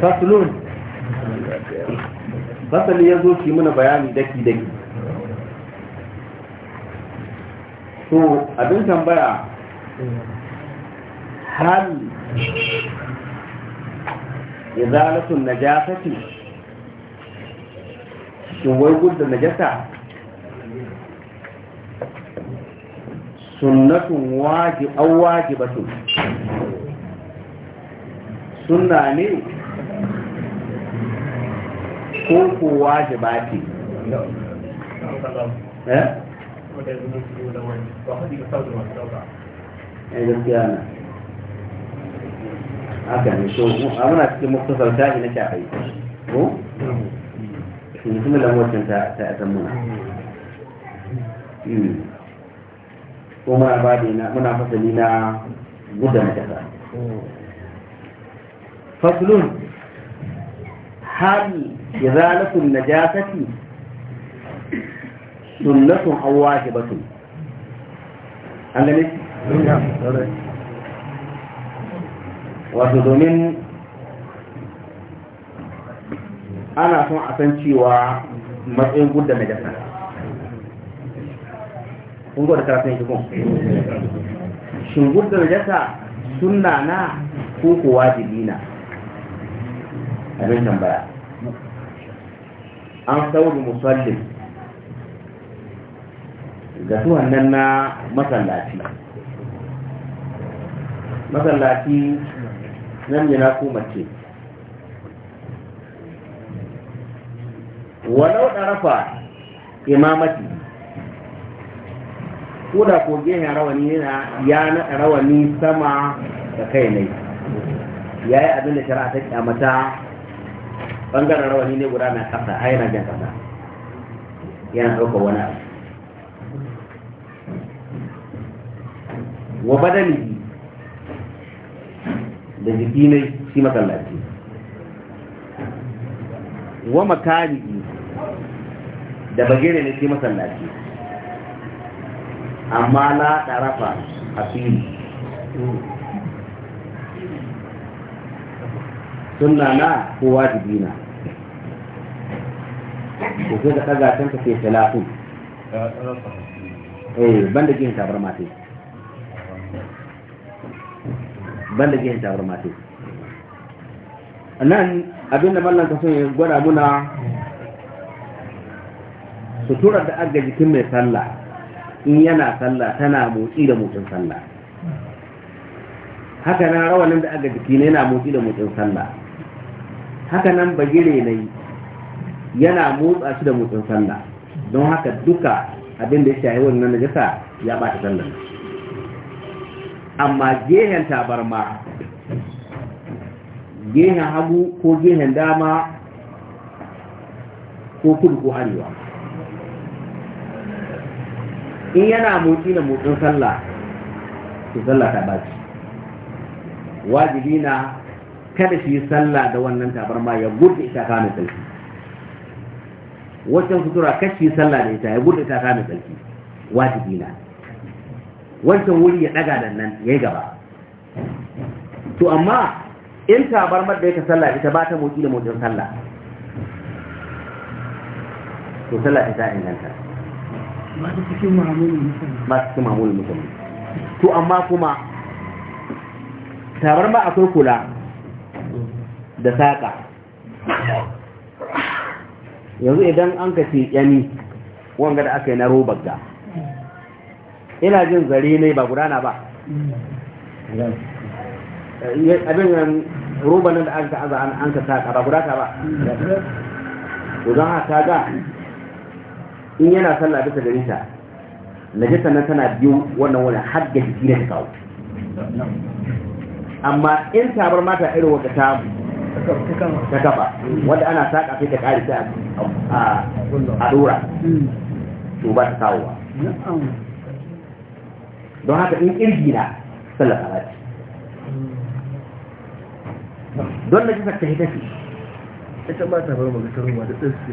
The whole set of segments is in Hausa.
faslun fasali ya zo ki muna bayani daki daki to abin tambaya hal izalatun najasati shi wai na jasa sunnatun waji an batun suna ne ko kowa shi ba ke. ya eh? eh, gaskiya na haka ne so muna cikin muktasar ta ina ta aiki ko ne kuma lamwacin ta ta san muna hmm. ko muna ba da na muna fasali na gudan kasa faslun hali Ya na sun najasati sunnatun hawahi batun an gane wato domin ana son a san cewa matsayin gudda na jasa? kun gwada karatun shi kun shin gudda jasa sunna na ko ko wajibi na abin tambaya an sauru musallin ga su nan na masallaci masallaci nan yana ce. mace walau ɗarafa imamati ko da ko gehen rawani yana ya na rawani sama da kai ne ya yi abin da shari'a ta kyamata bangaren rawani ne guda na kasa a yana jan kasa yana ɗaukar wani abu wa badani da jiki ne shi masallaci wa makari da bagire ne shi masallaci amma la ɗarafa a fili sunna na ko wajibi na ko sai da kaga can ka ce talafun eh banda gihin tabar mate banda gihin tabar mate nan abin da mallan kaso ya gwada muna suturar da aga jikin mai sallah in yana sallah tana motsi da motsin sallah haka na rawanin da aga jiki yana motsi da motsin sallah haka nan bagire na yi yana motsa shi da motsin sallah don haka duka abin da ya shahi wannan najasa ya bata sallah amma gehen tabarma gehen hagu ko gehen dama ko kudu ko arewa in yana motsi da motsin sallah to sallah ta baci wajibi na kada shi yi sallah da wannan tabarma ya gurɗe ita ka mai tsarki wancan sutura kada shi yi sallah da ita ya gurɗe ita ka mai tsarki wajibi na wancan wuri ya ɗaga da nan ya yi gaba to amma in tabarmar da ya ka sallah ita ba ta motsi da motsin sallah to sallah ita inganta ba ta cikin mamulin musulmi to amma kuma tabarma akwai kula da saƙa yanzu idan an ka ce yani wanga da aka yi na robar ga ina jin zare ne ba gudana ba abin yan robar nan da an ka aza an ka saƙa ba gudata ba don haka ga in yana sallah bisa gari ta najisa nan tana biyu wannan wani har da jiki ne ta kawo amma in tabar mata irin wata tamu ta kafa wanda ana saka sai ta kare ta a dora to ba ta kawowa don haka in ƙirgi na sallar alaci don na jisar ta hitafi ita ba ta bar magatar ruwa da tsirsi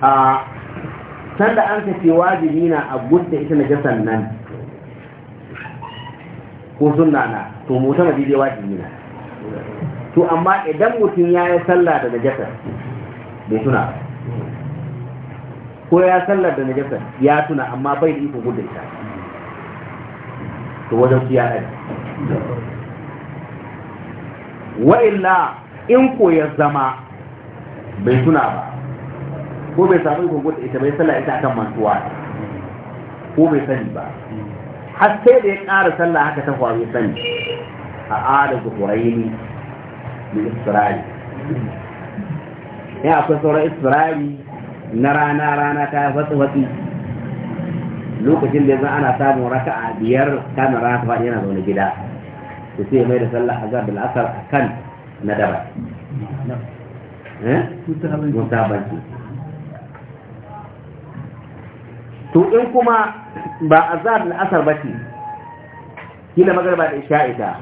a sanda an ka ce wajibi na a gudda ita na jasan nan ko sunna na to mota na daidai wajibi na to amma idan mutum ya yi sallah da najasar bai tuna ba ko ya sallah da najasar ya tuna amma bai da iko gudda ita to wajen su ya ɗari wa'illa in ko ya zama bai tuna ba ko bai samu gungun da ita bai sallah ita akan mantuwa ko bai sani ba har sai da ya ƙara sallah haka ta faru sani a ada zuhuraini na isra'i ya akwai sauran isra'i na rana rana ta watsi watsi lokacin da yanzu ana samun raka a biyar kamar rana ta yana zaune gida to sai mai da sallah azhar da asar akan na daba eh? mutabanci to in kuma ba za da asar ba ce kila magarba da isha'i ta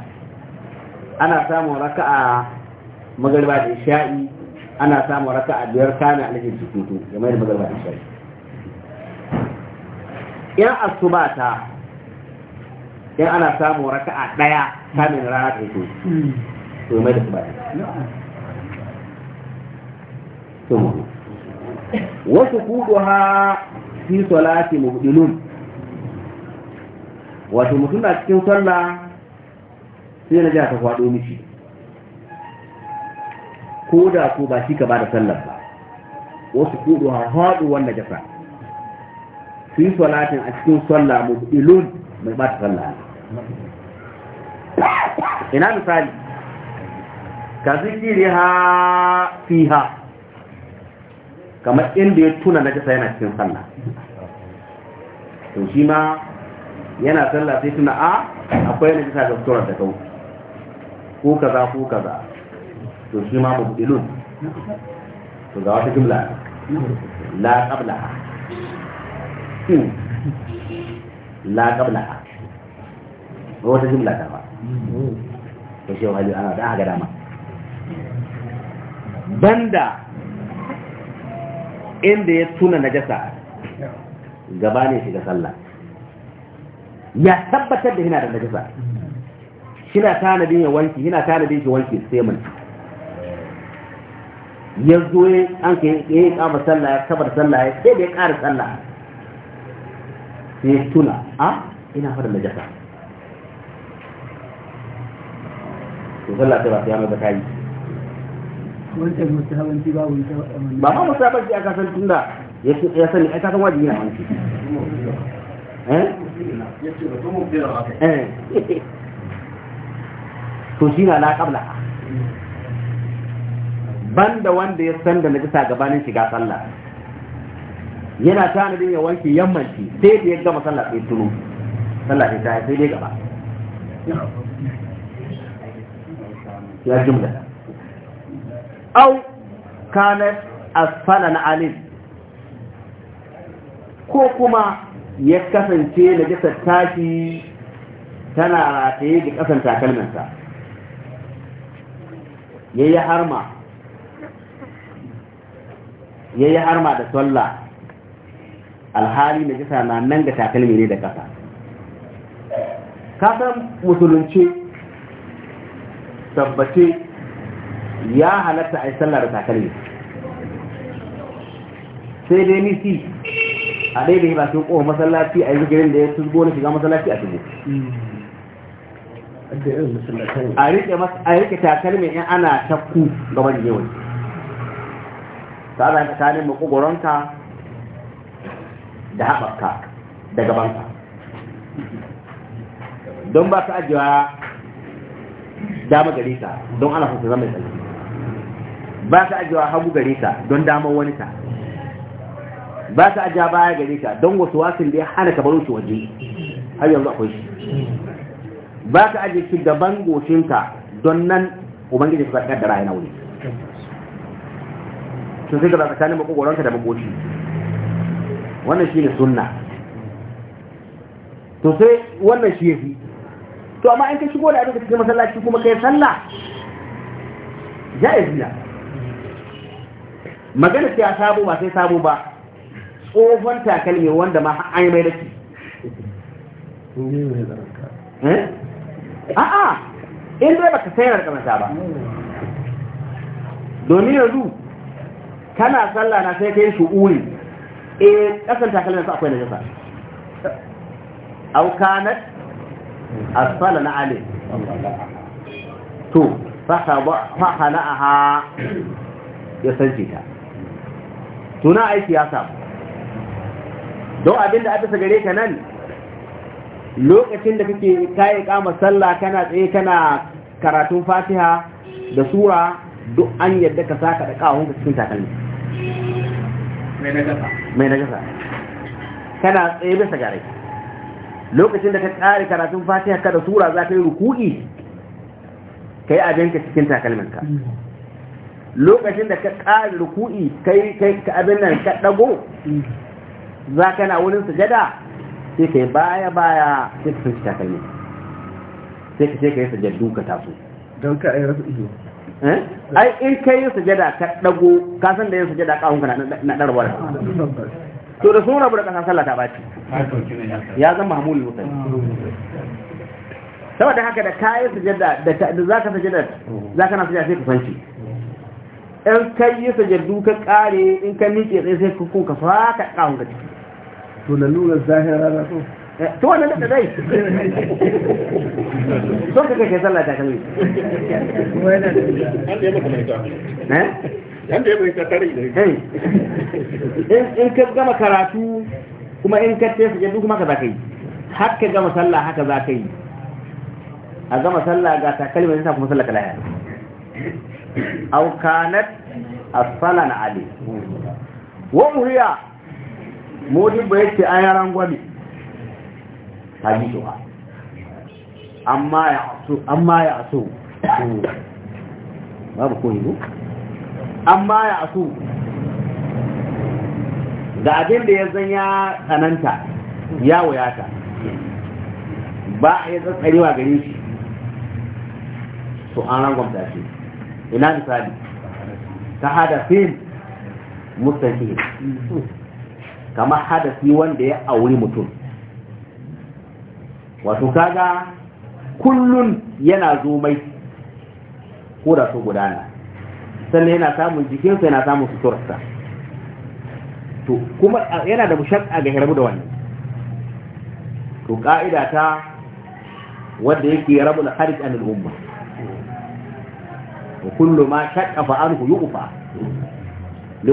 ana samun raka'a magarba da isha'i ana samun raka'a biyar a kana alajin tukutu mai da magarba da isha'i In asuba ta yan ana samun raka'a daya kamin rana ta hito to mai da su bayan wasu kudu ha fi salati muhdilun wato mutum na cikin sallah sai na ji ta kwado miki ko da ko ba shi ka ba da sallar ba wasu kudu har haɗu wanda jasa fi salatin a cikin sallah muhdilun mai ba ta sallah ina misali ka zikiri ha fi ha kamar inda ya tuna na kasa yana cikin sallah to shi ma yana sallah sai tuna a akwai na kasa ga suturar da kau ko kaza ko kaza to shi ma mubdilun to ga wata jumla la ha hmm. la ba wata jumla ta ba to shi hali ana da aka dama banda inda ya tuna najasa ne shiga sallah ya tabbatar da yana da najasa shina tanadin ya wanki yana tanadin shi wanki sai mun ya zo an ka yi kama sallah ya kabar sallah ya sai da ya kara sallah sai ya tuna a ah, ina fara najasa to sallah ta ba ta yi wancan musahabanci ba wancan ba ma musahabanci a kasar tunda ya sani ai kasan wajibi na wanki eh? eh. to shi na na kabla da wanda ya san da najisa gabanin shiga sallah yana tanadin ya wanke yammanci sai da ya gama sallah sai tuno sallah sai ta sai dai gaba ya jumla au kanat asfala na alif ko kuma ya kasance na jisar tashi tana rataye da kasan takalminsa ya yi harma da sallah alhali na jisa na nan takalmi ne da kasa kasan musulunci tabbace ya halatta a yi sallar da takalmi sai dai nisi a ɗaya da yi su ƙohon masallaci a yi zikirin da ya tuzgo na shiga masallaci a shigo a rike takalmi in ana takku gaban yawon ta zai tsakanin makogoronka da haɓarka da gabanka don ba su ajiyar dama gari ta don ana zama mai tsalle ba ka ajiyewa hagu gare ka don damar wani ka ba ka ajiya baya gare ka don wasu wasin da ya hana ka baro shi waje har yanzu akwai shi ba ka ajiye shi gaban ka don nan ubangiji ka kaddara yana wuri sun sai gaba tsakanin ka da makoci wannan shi ne sunna to sai wannan shi ya fi to amma in ka shigo da abin da kake masallaci kuma kai sallah yi ne magana ya sabo ba sai sabo ba tsohon takalmi wanda ma an yi mai da ke eh? a'a in dai baka sayar da kamata ba domin yanzu kana sallah na sai kai shu'uri eh kasan takalmin su akwai najasa aw kanat asfala na alim to fa hada fa ha ya sanjita suna ai siyasa, don abin da aka gare ka nan lokacin da kake kayi kama sallah kana tsaye kana karatun fatiha da sura duk an yadda ka saka da kawo ka cikin takalmi mai nagasa kana tsaye bisa gare lokacin da ka kare karatun fatiha ka da sura za ka yi ruku'i ka yi abinka cikin takalminka lokacin da ka ƙari ruku'i kai kai ka abin nan ka dago za ka na wurin sujada sai kai baya baya sai ka sunci takalmi sai ka sai ka yi sujadu ka taso don ka ayyar su eh? ai in kai yi sujada ka dago ka san da yin sujada kahun ka na darwar to da sun rabu da kasa sallah ta baci ya zama hamuli mutane saboda haka da yi sujada da za ka sujada za ka na sujada sai ka fanci in ka yi sajaddu ka kare in ka miƙe tsaye sai kun ka faka kawon ga ciki to lalurar zahira na so eh, to wannan da dai so ka kai sallah ta kalli wannan da in ka gama karatu kuma in ka tafi jaddu kuma ka za ka yi haka gama sallah haka za ka yi a gama sallah ga takalmin sa kuma sallah ka lahiya أو كانت الصلاة عليه وهي مودب يتي أيران غني حديثها أما يعصو أما يعصو ما بقوله أما يعصو da abin da ya zan ya tsananta ya wuyata ba a yi tsatsarewa gare shi to an rangon shi. ina misali ta hadafin mustahil kamar hadafi wanda ya auri mutum wato kaga kullun yana zo mai ko da su gudana sannan yana samun jikinsa yana samun suturarsa to kuma yana da a ga rabu da wannan to ka'ida ta wanda yake rabu da a anil umma wa kullu ma shaqqa fa anhu yuqfa da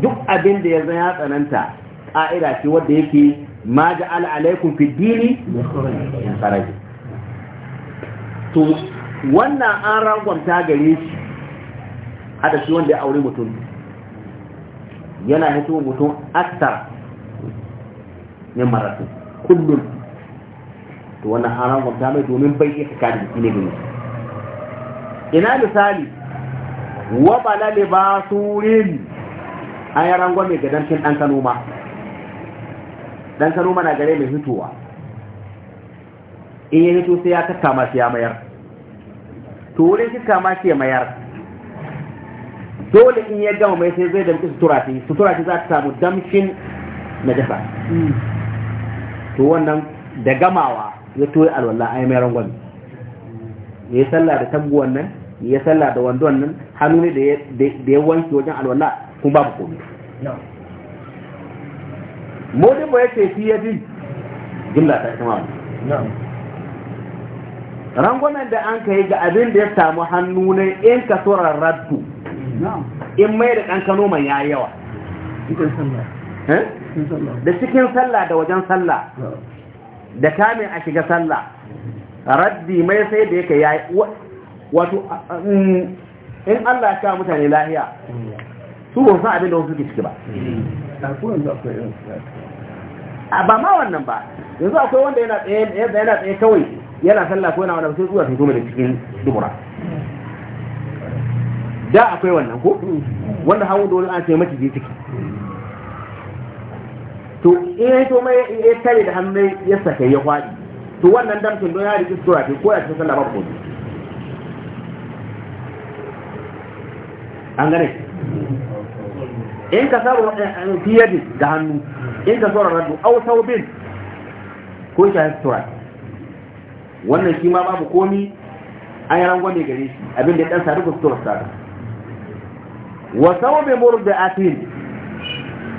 duk abin da ya zaya tsananta ƙa'ida ce wadda yake ma ja'ala alaikum fi dini ya faraji to wannan an rangwamta gare shi hada shi wanda ya aure mutum yana hito mutum aktar ne maratu kullum to wannan an rangwamta mai domin bai iya tsakanin ne gani ina misali wa bala libasurin an yi rangon mai gadarkin ɗan kanuma ɗan kanuma na gare mai hutuwa, in yi hito sai ya kakkama sai ya mayar to wurin kakkama sai ya mayar dole in ya gama mai sai zai damki sutura ce sutura ce za ta samu damshin na jasa to wannan da gamawa ya toye alwallah a yi mai rangon ya yi sallah da tabbuwan nan ya salla da wandon nan hannu ne da ya wanke wajen alwala kuma babu komai modin ba ya ce fi ya fi jimla ta ita mawa rangunan da an ka yi ga abin da ya samu hannu ne in ka tsoron raddu in mai da kano mai ya yawa eh? da cikin sallah da wajen sallah da kamin a shiga sallah raddi mai sai da yake yayi wato mm, in Allah ya kawo mutane lahiya su ba san abin da wasu ke ciki ba a ba ma wannan ba yanzu akwai wanda yana tsaye kawai yana sallah ko yana wani sai zuwa sun da cikin dubura da akwai wannan ko wanda hawo dole an sai mace ciki to in ya to mai ya tare da hannu ya saka ya kwadi to wannan damkin don ya rike sura ko ya ce sallah ba ko an gane in ka sabu fi eh, eh, fiyadi da hannu in ka sauran raddu au bin ko a sutura wannan shi ma babu komi an yi rangwame gare shi abinda ya dan sadu ku sutura sada wa bin murud da atin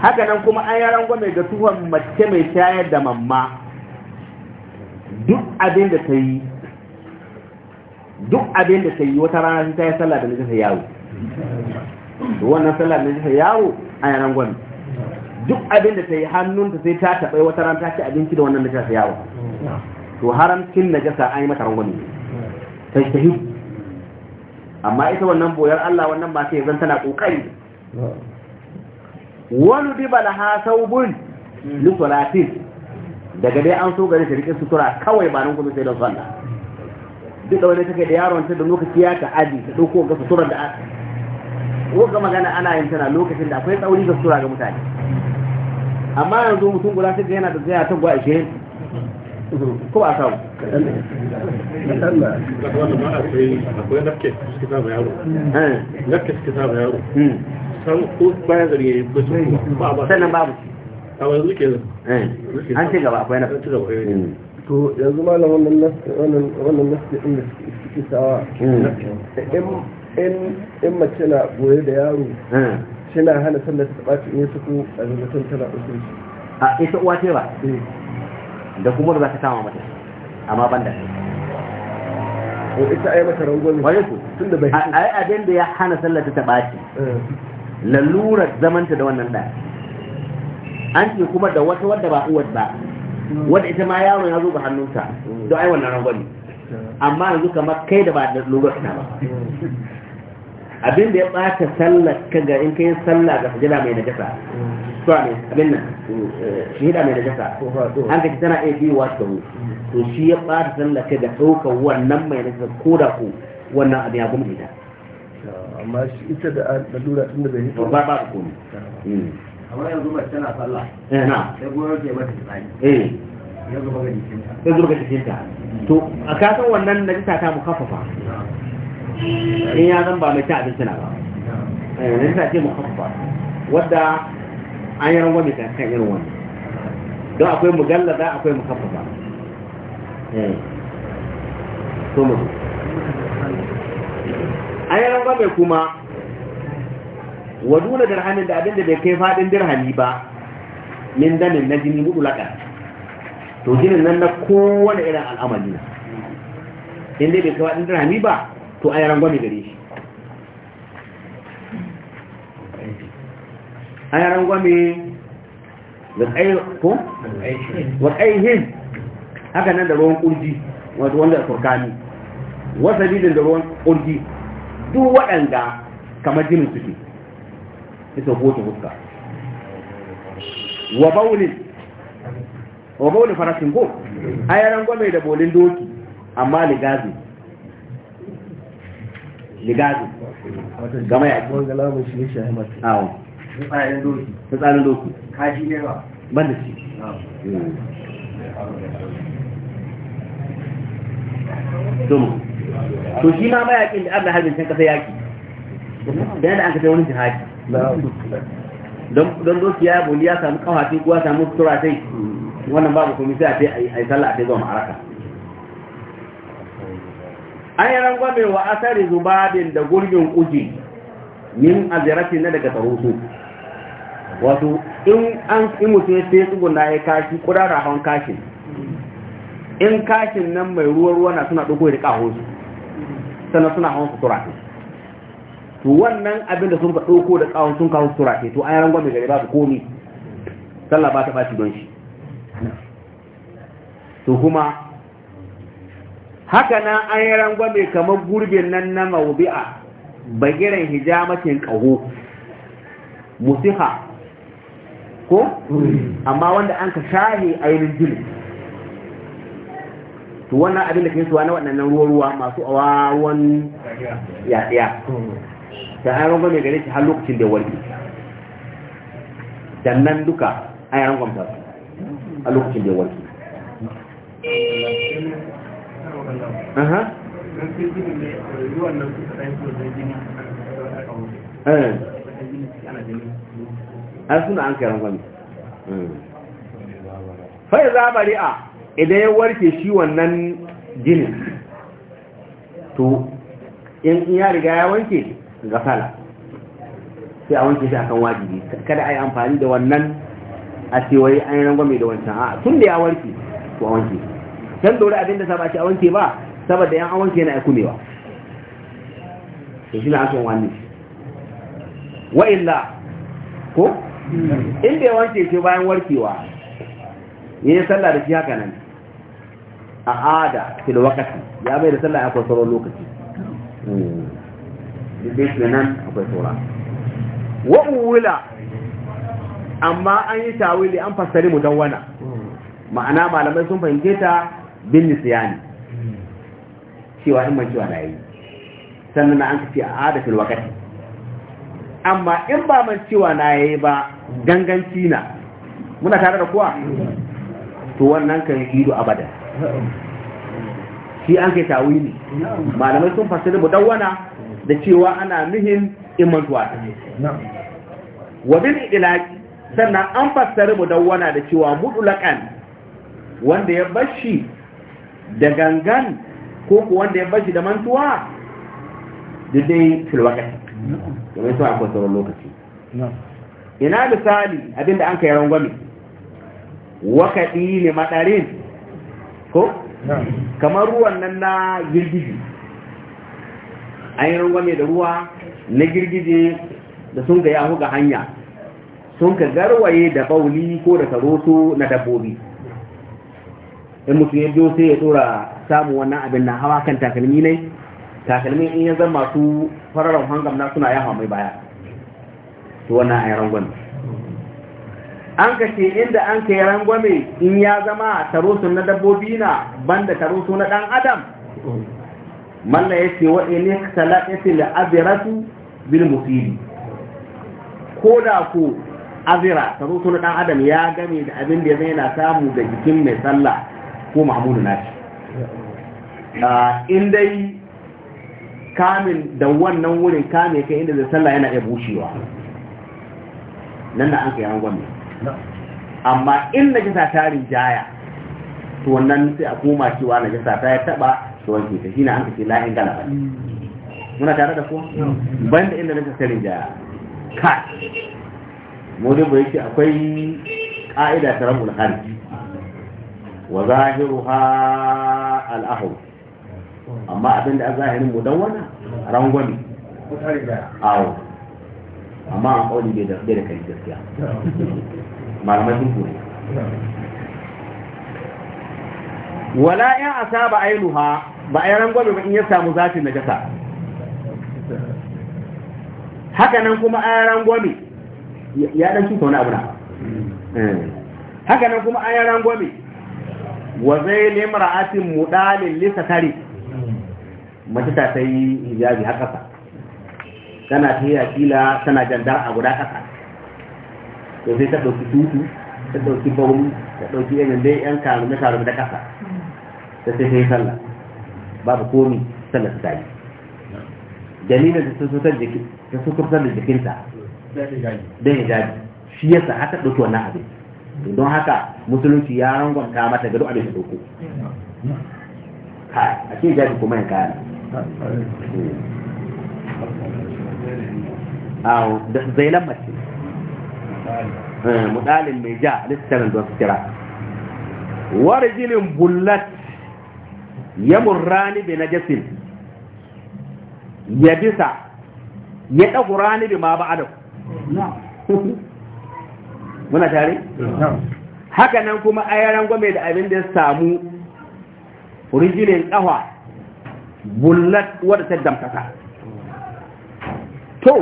haka nan kuma an yi rangwame ga tuhon mace mai shayar da mamma duk abin da ta yi duk abin da ta yi wata rana ta yi sallah da nufin yawo wannan sallah da ta yawo a yaran gwani duk abin da ta yi hannunta sai ta taɓa wata ran ta ci abinci da wannan da ta yawo to haramcin najasa an yi mata rangwani ta shi amma ita wannan boyar Allah wannan ba sai zan tana ƙoƙari. wani diba ha saubun lisolatin daga dai an so gari ta rike sutura kawai ba nan kuma sai don sallah duk da wani take da yaron ta da lokaci ya ta aji ta dauko ga suturar da ko ga magana ana yin tana lokacin da akwai tsauri da sura ga mutane amma yanzu mutum guda sai yana da zaya ta gwa ishe ko ba samu yaro nafke suke sa san babu an gaba nafke to yanzu malam wannan nafke inda da suke sawa in mace na goye da yaro eh. na hana sallar ta ɓaci in su ku a zargatun tana usul a ita uwa ce ba eh. da kuma za ta kama mata amma ban da ko ita ai mata rangon wani ku tun da bai ai abin da ya hana sallar ta ɓaci eh. lalurar zamanta da wannan da an ce kuma da wata wadda ba uwar ba wadda ita ma yaro ya zo ga hannunta don ai wannan rangwani amma yanzu kamar kai da ba da lura ta ba abin da ya bata sallar ka ga in kai sallah ga sajada mai najasa to ne abin nan eh, shahida mai najasa an kace tana iya biyu wasu da to shi ya bata sallar ka ga daukar wannan mai najasa ko da ko wannan abin ya gumi ta amma shi ita da lalura tun da bai hito ba ba ko ne hmm. amma yanzu ba tana sallah eh, na sai goyo ke mata tsani eh yanzu ba ga jikinta yanzu ba ga jikinta to a kasan wannan najasa ta mu mukaffafa in ya zan ba mai ta abinci na ba yanzu eh, ta ce mukaffa wadda an yi rangon mai kan irin wani don akwai mugallada akwai mukaffa ba eh, so mu an yi rangon mai kuma waduna dirhamin da abinda bai kai fadin dirhami ba min damin na jini mutu lakar to jinin nan na kowane irin al'amari na inda bai kai fadin dirhami ba to a yaran gwani gare shi a yaran gwani waƙaihin haka nan da ruwan ƙurji wato wanda da turkani wasa jidin da ruwan ƙurji duk waɗanda kamar jinin suke isa goce huska wa baulin farashin ko a yaran gwamnati da bolin doki amma ligazi ligado gama ya ci wanda lamun shi shi ahmad awo tsarin doki tsarin doki kaji ne ba ban da shi tum to shi ma mayakin da Allah harbin can kasa yaki dan da an kace wani jihadi don don doki ya boli ya samu kawafi kuwa samu tura sai wannan babu komai sai a yi sallah a ce zuwa ma'araka an yi rangwame wa asari zubabin da gurbin uji min azirati na daga tarusu wato in an yi mutum ya sai tsuguna ya kashi kudara hawan kashin in kashin nan mai ruwa ruwa na suna ɗugo da su sannan suna hawan sutura ne to wannan abin da sun ka dogo da ƙahon sun kawo tura ne to an yi rangwame gari babu komi sallah ba ta ɓaci don shi to kuma haka nan an yi rangwame kamar gurbin nan na mawubi'a bagiran hijamacin ƙaho musiha ko amma wanda an ka shahe ainihin jini to wannan abin da ke suwa na waɗannan ruwa-ruwa masu awa ruwan yaɗiya da an rangwame gare shi har lokacin da warke da nan duka an yi rangwamta a lokacin da warke a eh. suna an kayan wani hmm. fai za bari'a idan ya warke shi wannan ginin to in ya riga ya wanke ga gafala sai a wanke shi akan wajibi kada a yi amfani da wannan a cewai an yi rangwame da wancan a tun da ya warke to a wanke dan dore abin da ba a wanke ba saboda yan an wanke aikumewa kumewa to shi na akan wani wa illa ko in bai wanke shi bayan warkewa ya yi sallah da shi haka nan a ada fil wakati ya bai da sallah akwai sauran lokaci hmm. duk shi nan akwai sauran wa'uwula amma an yi tawili an fassari mu don wana ma'ana malamai sun fahimce ta bin nisyani cewa in mancewa na yi sannan na an ka ce a adafin wakati amma in ba cewa na yi ba ganganci na muna tare da kuwa to wannan kan yi ido abada shi an kai tawili malamai sun fasiri dawana da cewa ana nuhin in mantuwa ta wa bin ilaki sannan an mu mudawwana da cewa mudulakan wanda ya bashi da gangan ko ku wanda ya bashi da mantuwa duk dai filwakati da mai akwai kwasar lokaci ina misali abinda an kai rangwame wakaɗi ne maɗarin ko kamar ruwan nan na girgiji an yi rangwame da ruwa na girgije da sun ga yahu ga hanya sun ka garwaye da bauli ko da karoto na dabbobi in mutum ya biyo sai ya tsora samun wannan abin na hawa kan takalmi ne takalmi in ya zama su fararen hangam na suna yawa mai baya to wannan a yi rangon an ka ce inda an ka yi rangwame in ya zama taroso na dabbobi na banda taroso na dan adam malla ya ce waɗe ne salatin da su bil musili ko da ko azira taroso na dan adam ya game da abin da ya zai na samu da jikin mai sallah ko mahmudu na shi ah, in dai kamin da wannan wurin kame kai inda zai sallah yana iya bushewa nan na an kai an gwamne amma in na jisa tarin jaya to wannan sai a koma cewa na jisa ta ya taba to wanke ta shi na an kace la'in galaba muna tare da kuwa da inda na jisa rinjaya kai modin bai ce akwai ka'ida ta rabu da harki wa zahiruha al'ahu amma abin da a zahirin mudawwana rangwami awo amma an kauli bai da bai da kai gaskiya malamai sun kure wala in asaba ainuha ba ai rangwani ba in ya samu na najasa haka nan kuma ai rangwani ya dan cuta wani abu na eh. haka nan kuma ai rangwani wa zai limra'atin mudalin lisa tare mace ta yi hijabi har kasa tana ta tafiya kila tana jandar a guda kasa to sai ta ɗauki tutu ta ɗauki bawun ta ɗauki irin dai yan karume karume da kasa ta sai ta yi sallah babu komi sallah ta yi dalilin da ta sutar da jikinta da hijabi shi yasa haka ɗauki wannan abin don haka musulunci ya rangonta mata ga duk abin da doko Ha a ce jaji kuma ya kaya a zailan mace eh, mudalin mai ja littattafin don su kira jinin bullat ya murrani bi jasin ya bisa ya ɗagu rani bi ma adam muna tare haka nan kuma ayaran gwame da abin da ya samu rijinin ƙawa bullat wadda ta damtaka to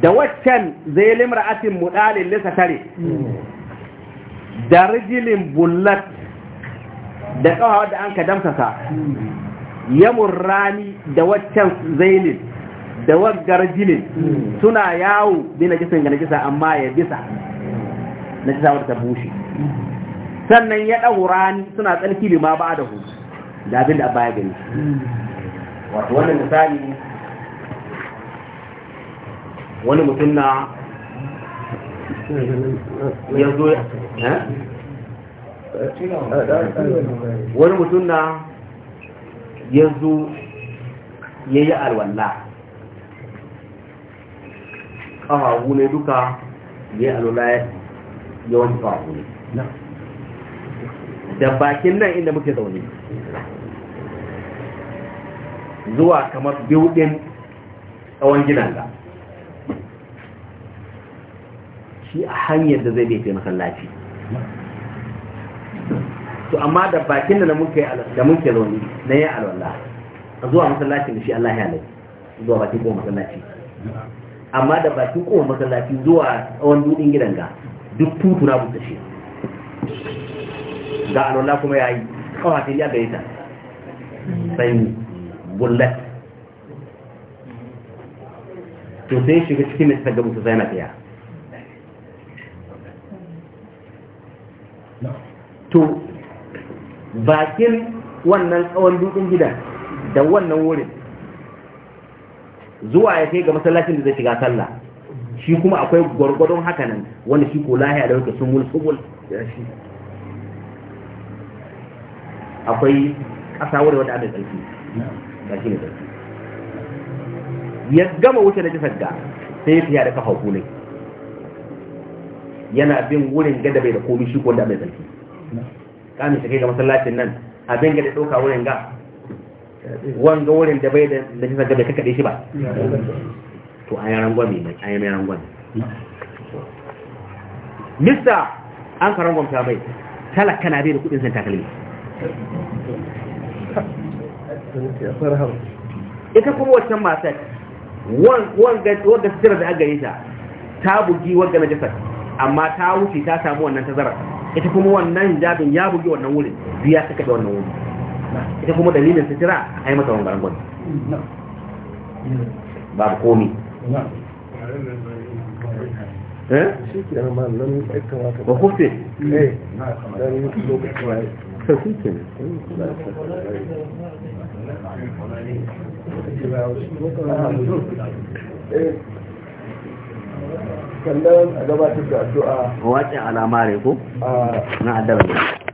da waccan zai atin mudalin lisa tare da rijinin bullat da kawa wadda an ka damtaka yamun rani da waccan zailin, da waggar jinin suna yawo bi na jisan amma ya bisa na ta samu ta bushe sannan ya ɗaura ni suna tsarki da ma ba da hu da abin da baya gani wato wannan misali wani mutum na ya zo eh? wani mutum na ya zo ya yi alwalla ƙafafu ne duka ya yi alwallah yawan faru da bakin nan inda muke zaune zuwa kamar biyudin tsawon ginan da shi a hanyar da zai bai masallaci to amma da bakin da muke da muke zaune na yi alwala zuwa masallaci da shi Allah ya halai zuwa bakin ko masallaci amma da bakin ko masallaci zuwa tsawon dudin gidan ga duk da shi ga alwala kuma ya yi kawai ya gaita sai bullet to sai shiga cikin mai tagabu su zai na tsaya to bakin wannan tsawon dutsen gidan da wannan wurin zuwa ya kai ga masallacin da zai shiga sallah shi kuma akwai gwargwadon haka nan wanda shi ko lahiya da sun sumul sumul da shi akwai ƙasa wadda wadda abin tsarki da shi ne tsarki ya gama wuce da jisar ga sai ya fiya da kafa kulai yana bin wurin gada bai da komi shi ko wanda abin tsarki kamin shi kai ga masallacin nan abin gada ɗauka wurin ga wanga wurin da bai da jisar ga bai kakaɗe shi ba to a yi gwami mai a yi gwami mista an ka gwamta mai talaka na bai da kudin san takalmi ita kuma wancan matar wanda jira da aka yi ta ta bugi wanda na jasar amma ta wuce ta samu wannan tazarar ita kuma wannan jabin ya bugi wannan wurin biya ta kaɗe wannan wurin ita kuma dalilin sitira a yi mata wangarangon babu komi Eh? ka eh. eh. sannan a gabatar da addu'a wace alama ne ko na addu'a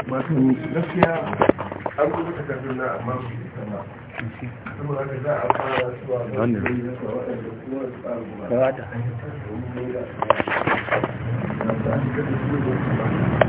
masu gaskiya an na amma su wannan